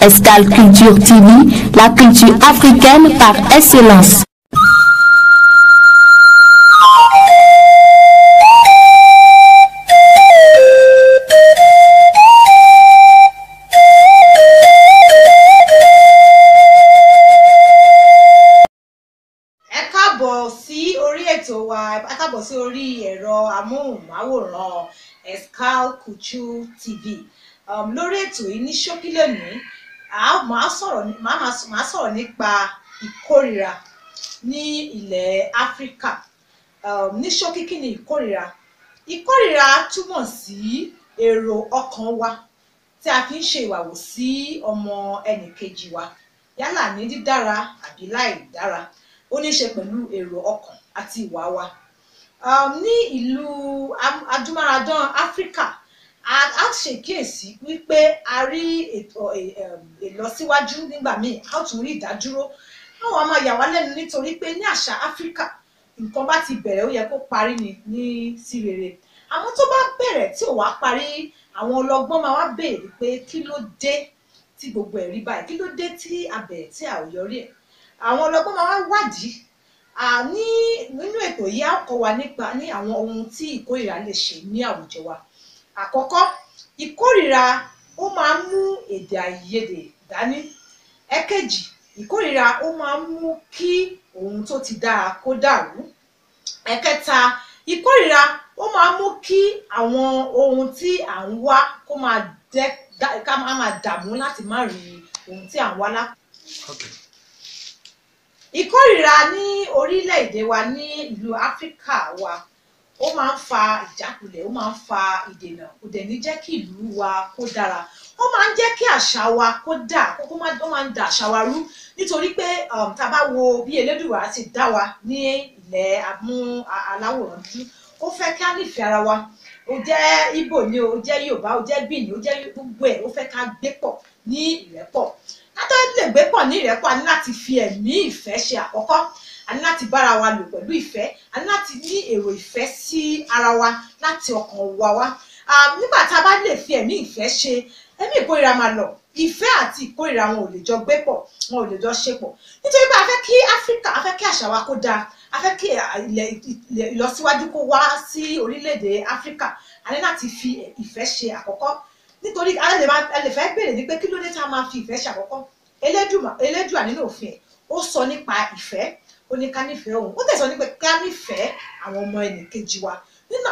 Escale Culture TV, la culture africaine par excellence. Ẹ káàbọ̀ sí orí ètò wa ẹ káàbọ̀ sí orí ẹ̀rọ amóhùnmáwòrán Escale Culture TV um, lórí ètò yìí ní ṣókí lónìí màá sọ̀rọ̀ màá sọ̀rọ̀ nípa ìkórira ní ilẹ̀ áfíríkà ní ṣókí kí ni ìkórira ìkórira túmọ̀ sí èrò ọkàn wa tí a fi ń ṣe ìwàwò sí ọmọ ẹnìkejì wa yálà ní dídára àbí láì dára ó ní í ṣe pẹ̀lú èrò ọkàn àti ìwà wa ní ìlú adúmáradán áfíríkà a ṣèkíyèsí wípé a rí ètò ìlọsíwájú nígbà míì a ó tún rí ìdádúró àwọn ọmọ yà wá lẹ́nu nítorí pé ní àṣà áfíríkà nǹkan bá ti bẹ̀rẹ̀ ó yẹ kó parí ni ní sí rere àmọ́ tó bá bẹ̀rẹ̀ tí ò wá parí àwọn ọlọ́gbọ́n máa wá béèrè pé kí ló dé tí gbogbo ẹ̀ rí báyìí kí ló dé tí abẹ̀rẹ̀ tí a ò yọrí ẹ̀ àwọn ọlọ́gbọ́n máa wá wádìí ní nínú ètò yìí a kọ́ wa nípa ní àwọn ohun tí ìkórìíra lè ṣe ní àwùjọ wa àkọ́kọ́ ìkórìíra ó máa ń mú èdè àìyedè dání ẹ̀kejì ìkórìíra ó máa ń mú kí ohun tó ti dára kó dàrú ẹ̀kẹta ìkórìíra ó máa ń mú kí àwọn ohun tí à ń wá kó máa dẹ ká máa dààmú láti má rí ohun tí à ń wá lá. ìkórìíra ní orílẹ̀-èdè wa ní ìlú áfíríkà wa ó máa ń fa ìjákulẹ̀ ó máa ń fa ìdènà kò dẹ̀ ní jẹ́ kí ìlú wa kó dára ó máa ń jẹ́ kí àṣà wa kó dà kó máa ń da àṣà wa rú nítorí pé um, tá bá wo bí elédùwà ti dá wa ní ilẹ̀ amú aláwòrán dúdú ó fẹ́ ká nífẹ̀ẹ́ ara wa ó jẹ́ Ìgbò ni ó jẹ́ Yorùbá ó jẹ́ Bìní ó jẹ́ gbogbo ẹ̀ ó fẹ́ ká gbé pọ̀ ní ìrẹ́pọ̀ ká tó lè gbé pọ̀ ní ìrẹ́pọ̀ a ní láti fi ẹ̀mí ìfẹ́ ṣe àkọ́kọ́ a ní láti bára wa lò pẹ̀lú ìfẹ́ a ní láti ní èrò ìfẹ́ sí ara wa láti ọkàn wa wá nígbà tá a bá lè fi ẹ̀mí ìfẹ́ ṣe ẹ̀mí ìkórira máa lọ ìfẹ́ àti ìkórira wọn ò lè jọ gbé pọ̀ wọn ò lè jọ ṣe pọ̀ nítorí pé a fẹ́ kí áfíríkà a fẹ́ kí àṣà wa kó dáa a fẹ́ kí ilẹ̀ ìlọsíwájú kó wá sí orílẹ̀-èdè áfíríkà a ní láti fi ìfẹ́ ṣe àkọ́kọ́ nítorí a lè fẹ́ bèrè ní pé kí ló dé tá a máa fi ìfẹ́ ṣàkọ́kọ́ elédùà nínú òfin ẹ̀ ó sọ nípa ìfẹ́ ó ní ká nífẹ̀ẹ́ òun ó tẹ̀sán nípa ká nífẹ̀ẹ́ àwọn ọmọ ẹnì kejì wa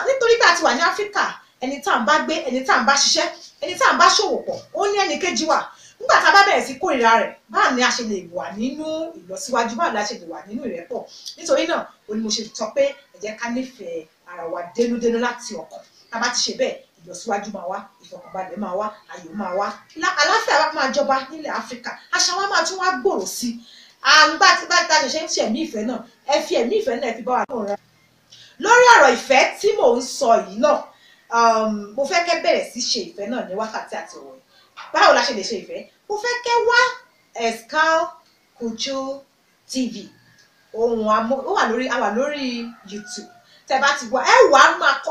nítorí pé a ti wà ní áfíríkà ẹni tá à ń bá gbé ẹni tá à ń bá ṣiṣẹ́ ẹni tá à ń bá ṣòwò pọ̀ ó ní ẹnì kejì wa nígbà tá a bá bẹ̀rẹ̀ sí kórìíra rẹ̀ báà ni a ṣe lè wà nínú ìlọsíwájú báà la ṣe lè wà nínú ìrẹ́pọ̀ nítorí náà ó ní mo ṣe sọ pé ẹ ká nífẹ̀ẹ́ ara wa dénúdénú láti ọkàn tá a bá ti ṣe bẹ́ẹ̀ ìlọsíwájú máa wá ìfọkànbalẹ̀ máa wá ayọ̀ máa wá àlàáfíà wa máa jọba nílẹ̀ áfíríkà àṣà wa máa tún wá gbòòrò sí i àǹgbá tí bá ta ṣẹ̀ṣẹ̀ ń ṣe ẹ̀mí ìfẹ́ náà ẹ fi ẹ̀mí ìfẹ́ náà ẹ fi bá wa náà rà. lórí ọ̀rọ̀ ìfẹ́ tí mò ń sọ yìí náà um, mo fẹ́ kẹ́ bẹ̀rẹ̀ sí ṣe ìfẹ́ náà ní wákàtí àti ọ̀wọ̀ báwo la ṣe lè ṣe ìfẹ́ mo fẹ́ kẹ́ wá Excal Kujore TV ohun àmọ́ ó wà lórí YouTube tẹ́ bá ti wá ẹ wà á máa kọ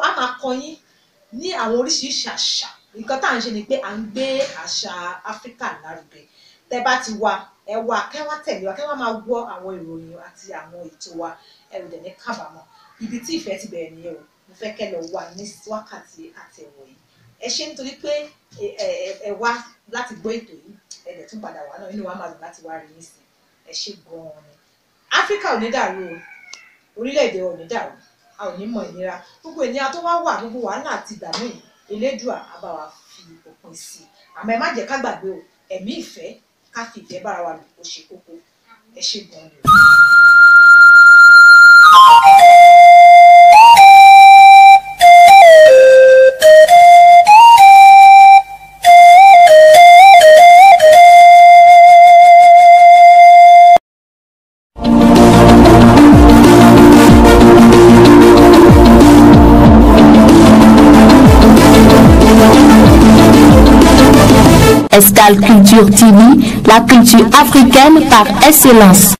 ní àwọn oríṣiríṣi àṣà nǹkan tá à ń ṣe ni pé à ń gbé àṣà áfíríkà lárugẹ tẹ bá ti wá ẹ wá kẹ wá tẹ̀lé wa kẹ wá máa gbọ́ àwọn ìròyìn àti àwọn ètò wa ẹrù dẹ̀ ní kábàámọ̀ ibi tí ìfẹ́ ti bẹ̀rẹ̀ nìyẹn o mo fẹ́ kẹ́ lọ wà ní wákàtí àtẹ̀wọ̀ yìí ẹ ṣe nítorí pé ẹ wá láti gbọ́ ètò yìí ẹ dẹ̀ tún padà wá náà inú wa máa dùn láti wá rí yín sí ẹ ṣe gan-an ni áfíríkà ò ní dàrú o orílẹ̀-èdè ò ní dàrú a ò ní mọ̀ ìnira gbogbo ìnira tó wá wà gbogbo wàhálà àti ìdààmú yìí elédùà á fi òpin sí i àmọ́ ẹ má jẹ́ ká gbàgbé o ẹ̀mí ìfẹ́ ká fi ìfẹ́ bára wa lò ó ṣe kókó ẹ ṣe gan-an ni o. Estal Culture TV, la culture africaine par excellence.